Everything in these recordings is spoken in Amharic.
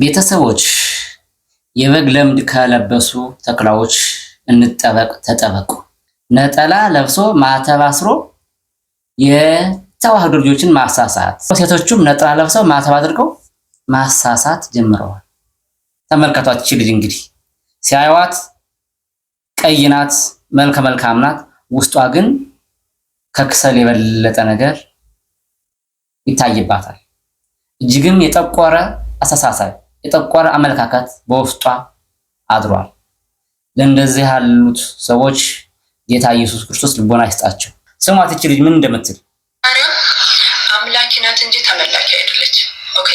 ቤተሰቦች የበግ ለምድ ከለበሱ ተኩላዎች እንጠበቅ ተጠበቁ። ነጠላ ለብሶ ማተብ አስሮ የተዋህዶ ልጆችን ማሳሳት፣ ሴቶቹም ነጠላ ለብሰው ማተብ አድርገው ማሳሳት ጀምረዋል። ተመልከቷት። ይች ልጅ እንግዲህ ሲያዩዋት ቀይ ናት፣ መልከ መልካም ናት። ውስጧ ግን ከክሰል የበለጠ ነገር ይታይባታል። እጅግም የጠቆረ አስተሳሰብ፣ የጠቆረ አመለካከት በውስጧ አድሯል። ለእንደዚህ ያሉት ሰዎች ጌታ ኢየሱስ ክርስቶስ ልቦና ይስጣቸው። ስሟት ይቺ ልጅ ምን እንደምትል ማርያም አምላኪ ናት እንጂ ተመላኪ አይደለች። ኦኬ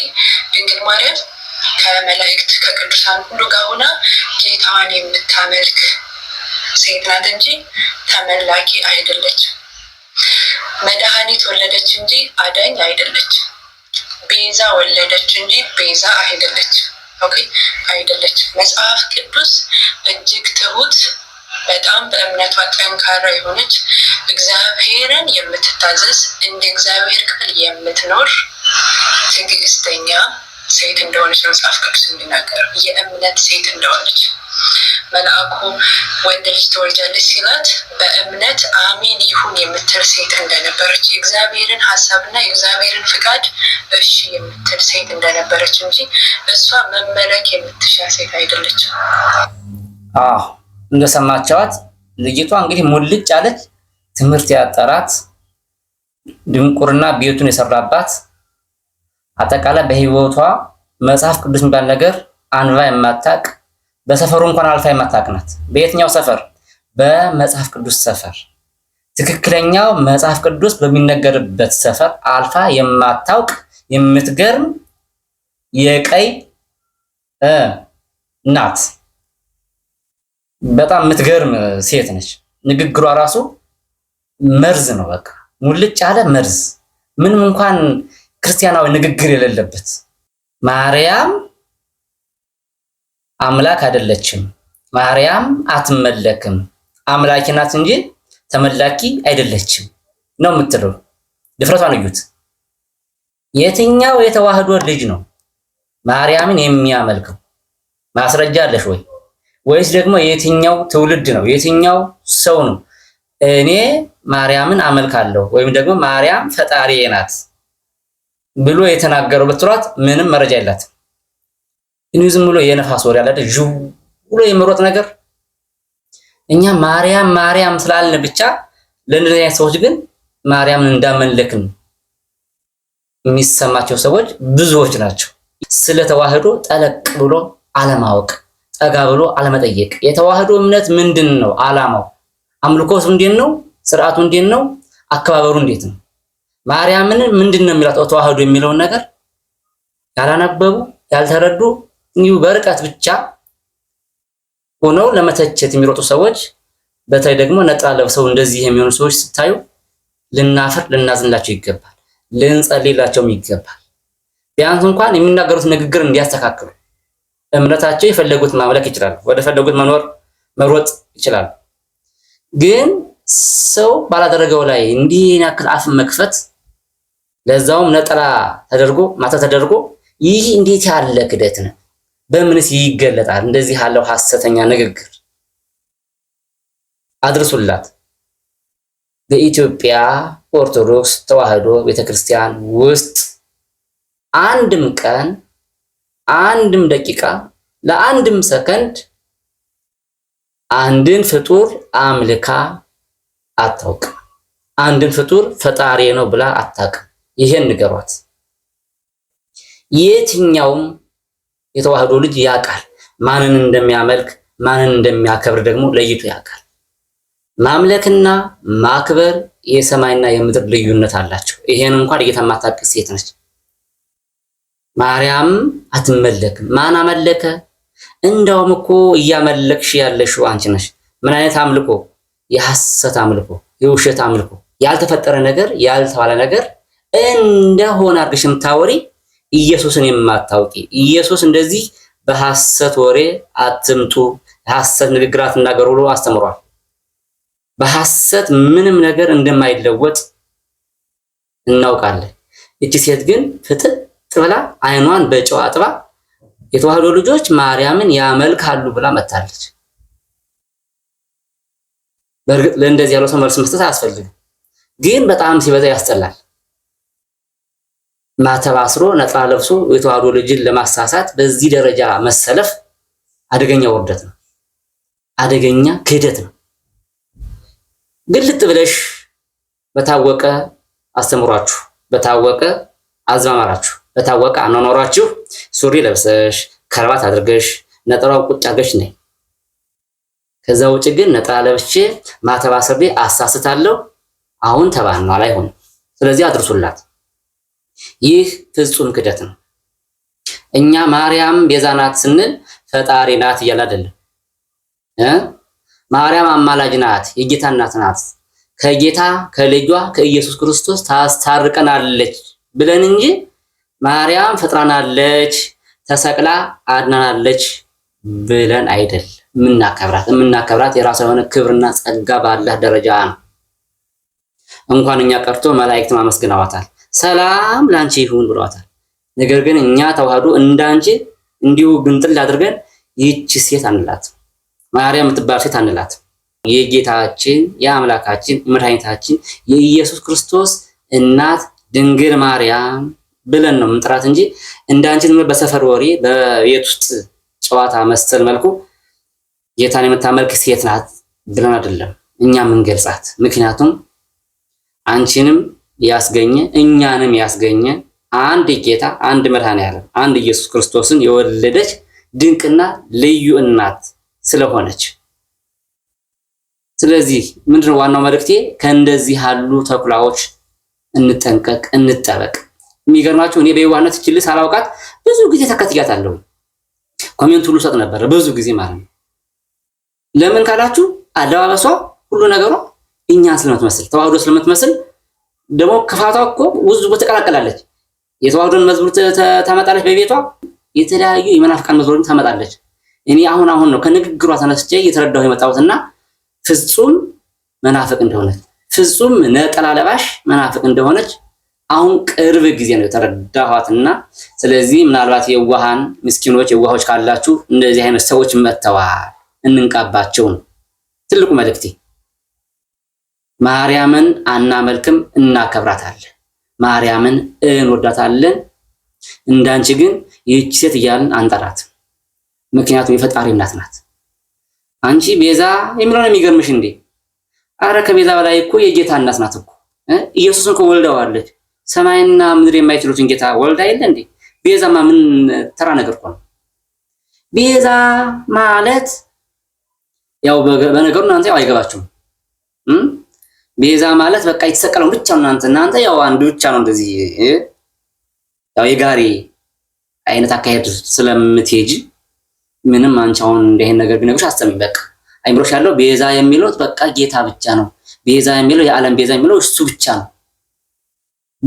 ድንግል ማርያም ከመላእክት ከቅዱሳን ሁሉ ጋር ሆና ጌታዋን የምታመልክ ሴት ናት እንጂ ተመላኪ አይደለች። መድኃኒት ወለደች እንጂ አዳኝ አይደለች። ቤዛ ወለደች እንጂ ቤዛ አይደለች አይደለች። መጽሐፍ ቅዱስ እጅግ ትሁት በጣም በእምነቷ ጠንካራ የሆነች እግዚአብሔርን የምትታዘዝ እንደ እግዚአብሔር ቃል የምትኖር ትዕግስተኛ ሴት እንደሆነች መጽሐፍ ቅዱስ የሚናገረው የእምነት ሴት እንደሆነች መልአኩ ወንድ ልጅ ትወልጃለች ሲላት በእምነት አሜን ይሁን የምትል ሴት እንደነበረች የእግዚአብሔርን ሀሳብና የእግዚአብሔርን ፍቃድ እሺ የምትል ሴት እንደነበረች እንጂ እሷ መመለክ የምትሻ ሴት አይደለችም። አዎ እንደሰማቸዋት ልጅቷ እንግዲህ ሙልጭ አለች። ትምህርት ያጠራት ድንቁርና ቤቱን የሰራባት አጠቃላይ በህይወቷ መጽሐፍ ቅዱስ የሚባል ነገር አንባ የማታቅ በሰፈሩ እንኳን አልፋ የማታቅናት በየትኛው ሰፈር? በመጽሐፍ ቅዱስ ሰፈር ትክክለኛው መጽሐፍ ቅዱስ በሚነገርበት ሰፈር አልፋ የማታውቅ የምትገርም የቀይ ናት። በጣም የምትገርም ሴት ነች። ንግግሯ ራሱ መርዝ ነው። በቃ ሙልጭ ያለ መርዝ፣ ምንም እንኳን ክርስቲያናዊ ንግግር የሌለበት ማርያም አምላክ አይደለችም። ማርያም አትመለክም፣ አምላኪ ናት እንጂ ተመላኪ አይደለችም ነው የምትለው። ድፍረቷን እዩት። የትኛው የተዋህዶ ልጅ ነው ማርያምን የሚያመልከው? ማስረጃ አለሽ ወይ? ወይስ ደግሞ የትኛው ትውልድ ነው የትኛው ሰው ነው እኔ ማርያምን አመልካለሁ ወይም ደግሞ ማርያም ፈጣሪ ናት ብሎ የተናገረው ብትሏት ምንም መረጃ የላትም። እንዲሁ ዝም ብሎ የነፋስ ወሬ አለ አይደል? ዥው ብሎ የመሮጥ ነገር እኛ ማርያም ማርያም ስላልን ብቻ ለእንደዚህ ሰዎች ግን ማርያምን እንዳመለክን የሚሰማቸው ሰዎች ብዙዎች ናቸው። ስለ ተዋህዶ ጠለቅ ብሎ አለማወቅ፣ ጠጋ ብሎ አለመጠየቅ። የተዋህዶ እምነት ምንድን ነው? አላማው አምልኮስ እንዴት ነው? ስርዓቱ እንዴት ነው? አከባበሩ እንዴት ነው? ማርያምን ምንድን ነው የሚላት ተዋህዶ የሚለውን ነገር ያላነበቡ ያልተረዱ እንዲሁ በርቀት ብቻ ሆነው ለመተቸት የሚሮጡ ሰዎች፣ በተለይ ደግሞ ነጠላ ለብሰው እንደዚህ የሚሆኑ ሰዎች ስታዩ ልናፍር ልናዝንላቸው ይገባል። ልንጸልይላቸውም ይገባል። ቢያንስ እንኳን የሚናገሩት ንግግር እንዲያስተካክሉ እምነታቸው የፈለጉት ማምለክ ይችላሉ። ወደ ፈለጉት መኖር መሮጥ ይችላሉ። ግን ሰው ባላደረገው ላይ እንዲህ ያክል አፍን መክፈት ለዛውም ነጠላ ተደርጎ ማታ ተደርጎ ይህ እንዴት ያለ ክደት ነው? በምንስ ይገለጣል? እንደዚህ ያለው ሐሰተኛ ንግግር አድርሱላት። በኢትዮጵያ ኦርቶዶክስ ተዋህዶ ቤተክርስቲያን ውስጥ አንድም ቀን አንድም ደቂቃ ለአንድም ሰከንድ አንድን ፍጡር አምልካ አታውቅም። አንድን ፍጡር ፈጣሪ ነው ብላ አታውቅም። ይሄን ንገሯት። የትኛውም የተዋህዶ ልጅ ያውቃል። ማንን እንደሚያመልክ ማንን እንደሚያከብር ደግሞ ለይቶ ያውቃል። ማምለክና ማክበር የሰማይና የምድር ልዩነት አላቸው። ይሄን እንኳን እየተማታቅ ሴት ነች። ማርያም አትመለክም። ማን አመለከ? እንዳውም እኮ እያመለክሽ ያለሽው አንቺ ነሽ። ምን አይነት አምልኮ? የሐሰት አምልኮ፣ የውሸት አምልኮ፣ ያልተፈጠረ ነገር፣ ያልተባለ ነገር እንደሆነ አድርገሽ የምታወሪ ኢየሱስን የማታውቂ ኢየሱስ እንደዚህ በሐሰት ወሬ አትምጡ፣ ሐሰት ንግግር አትናገሩ ብሎ አስተምሯል። በሐሰት ምንም ነገር እንደማይለወጥ እናውቃለን። እቺ ሴት ግን ፍጥጥ ብላ አይኗን በጨው አጥባ የተዋህዶ ልጆች ማርያምን ያመልካሉ ብላ መታለች። በእርግጥ ለእንደዚህ ያለው ሰው መልስ መስጠት አያስፈልግም፣ ግን በጣም ሲበዛ ያስጠላል። ማተብ አስሮ ነጠላ ለብሶ የተዋህዶ ልጅን ለማሳሳት በዚህ ደረጃ መሰለፍ አደገኛ ውርደት ነው፣ አደገኛ ክህደት ነው። ግልጥ ብለሽ በታወቀ አስተምሯችሁ፣ በታወቀ አዝማማራችሁ፣ በታወቀ አኗኗሯችሁ ሱሪ ለብሰሽ ከረባት አድርገሽ ነጠላው ቁጭ አድርገሽ ነይ። ከዛ ውጭ ግን ነጠላ ለብቼ ማተብ አስሬ አሳስታለሁ አሁን ላይ ሆነ። ስለዚህ አድርሱላት። ይህ ፍጹም ክደት ነው። እኛ ማርያም ቤዛ ናት ስንል ፈጣሪ ናት እያል አይደለም። ማርያም አማላጅ ናት፣ የጌታ እናት ናት፣ ከጌታ ከልጇ ከኢየሱስ ክርስቶስ ታስታርቀናለች ብለን እንጂ ማርያም ፈጥራናለች፣ ተሰቅላ አድናናለች ብለን አይደለም የምናከብራት። የምናከብራት የራሷ የሆነ ክብርና ጸጋ ባላህ ደረጃ ነው። እንኳን እኛ ቀርቶ መላእክት ማመስግነዋታል። ሰላም ላንቺ ይሁን ብሏታል። ነገር ግን እኛ ተዋህዶ እንዳንቺ እንዲሁ ግንጥል አድርገን ይቺ ሴት አንላት፣ ማርያም የምትባል ሴት አንላት። የጌታችን የአምላካችን የመድኃኒታችን የኢየሱስ ክርስቶስ እናት ድንግል ማርያም ብለን ነው የምንጥራት እንጂ እንዳንቺ በሰፈር ወሬ በቤት ውስጥ ጨዋታ መሰል መልኩ ጌታን የምታመልክ ሴት ናት ብለን አይደለም እኛ የምንገልጻት። ምክንያቱም አንቺንም ያስገኘ እኛንም ያስገኘ አንድ ጌታ አንድ መድኃኔዓለም አንድ ኢየሱስ ክርስቶስን የወለደች ድንቅና ልዩ እናት ስለሆነች ስለዚህ ምንድነው ዋናው መልእክቴ? ከእንደዚህ ያሉ ተኩላዎች እንጠንቀቅ፣ እንጠበቅ። የሚገርማቸው እኔ በየዋህነት ችል ሳላውቃት ብዙ ጊዜ ተከትያታለሁ። ኮሜንት ሁሉ ሰጥ ነበረ ብዙ ጊዜ ማለት ነው። ለምን ካላችሁ አለባበሷ፣ ሁሉ ነገሯ እኛን ስለምትመስል ተዋህዶ ስለምትመስል ደግሞ ክፋቷ እኮ ውዝ ትቀላቀላለች። የተዋህዶን መዝሙር ታመጣለች፣ በቤቷ የተለያዩ የመናፍቃን መዝሙር ታመጣለች። እኔ አሁን አሁን ነው ከንግግሯ ተነስቼ እየተረዳሁ የመጣሁትና ፍጹም መናፍቅ እንደሆነች ፍጹም ነጠላ ለባሽ መናፍቅ እንደሆነች አሁን ቅርብ ጊዜ ነው የተረዳኋትና፣ ስለዚህ ምናልባት የዋሃን ምስኪኖች የዋሆች ካላችሁ እንደዚህ አይነት ሰዎች መጥተዋል፣ እንንቃባቸው ነው ትልቁ መልእክቴ። ማርያምን አናመልክም፣ እናከብራታለን። ማርያምን እንወዳታለን። እንዳንቺ ግን ይህች ሴት እያልን አንጠራት። ምክንያቱም የፈጣሪ እናት ናት። አንቺ ቤዛ የሚለው ነው የሚገርምሽ እንዴ! አረ ከቤዛ በላይ እኮ የጌታ እናት ናት እኮ ኢየሱስን እኮ ወልደዋለች። ሰማይና ምድር የማይችሉትን ጌታ ወልዳ የለ እንዴ! ቤዛማ ምን ተራ ነገር እኮ ነው። ቤዛ ማለት ያው በነገሩ እናንተ ያው አይገባችሁም። ቤዛ ማለት በቃ የተሰቀለውን ብቻ እናንተ እናንተ ያው አንዱ ብቻ ነው እንደዚህ ያው የጋሪ አይነት አካሄድ ስለምትሄጂ ምንም አንቺ አሁን ነገር ቢነግሩሽ አስተምኝ በቃ አይምሮሽ ያለው ቤዛ የሚለው በቃ ጌታ ብቻ ነው። ቤዛ የሚለው የዓለም ቤዛ የሚለው እሱ ብቻ ነው።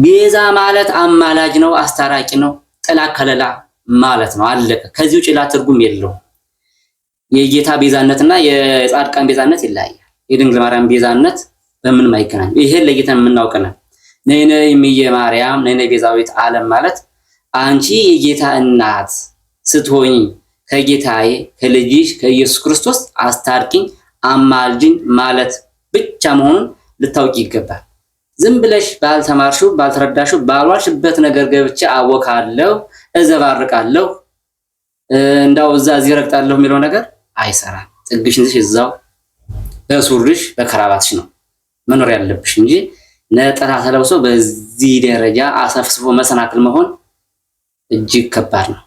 ቤዛ ማለት አማላጅ ነው፣ አስታራቂ ነው፣ ጥላ ከለላ ማለት ነው። አለቀ። ከዚህ ውጭ ላ ትርጉም የለውም። የጌታ ቤዛነትና የጻድቃን ቤዛነት ይለያያል። የድንግል ማርያም ቤዛነት በምንም አይገናኝም። ይሄን ለይተን የምናውቀናል። ነይ ነይነ እምዬ ማርያም ነይነ ቤዛዊት ዓለም ማለት አንቺ የጌታ እናት ስትሆኝ ከጌታዬ ከልጅሽ ከኢየሱስ ክርስቶስ አስታርቂኝ፣ አማልጅኝ ማለት ብቻ መሆኑን ልታውቂ ይገባል። ዝም ብለሽ ባልተማርሹ ባልተረዳሹ ባሏልሽበት ነገር ገብቼ አወካለሁ፣ እዘባርቃለሁ፣ እንዳው እዛ እዚህ ረግጣለሁ የሚለው ነገር አይሰራም። ጥግሽን ይዘሽ እዛው በሱሪሽ በከራባትሽ ነው። መኖር ያለብሽ እንጂ ነጠላ ተለብሶ በዚህ ደረጃ አሰፍስፎ መሰናክል መሆን እጅግ ከባድ ነው።